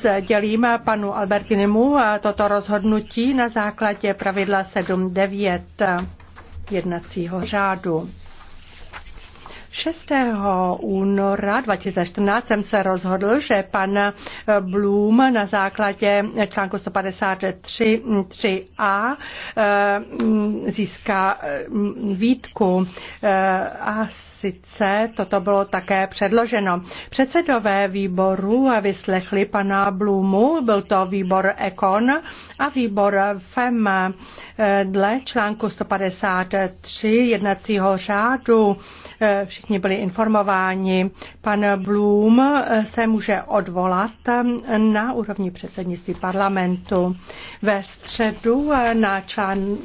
Sdělím panu Albertinimu toto rozhodnutí na základě pravidla 7.9 jednacího řádu. 6 února 2014 jsem se rozhodl, že pan eh, Blum na základě článku 153 a eh, získá eh, výtku a sice toto bylo také předloženo. Předsedové výboru vyslechli pana Blumu, byl to výbor Ekon, a výbor FEM dle článku 153 jednacího řádu. Eh, všichni byli informováni. Pan Blum eh, se může odvolat eh, na úrovni předsednictví parlamentu. Ve středu na člán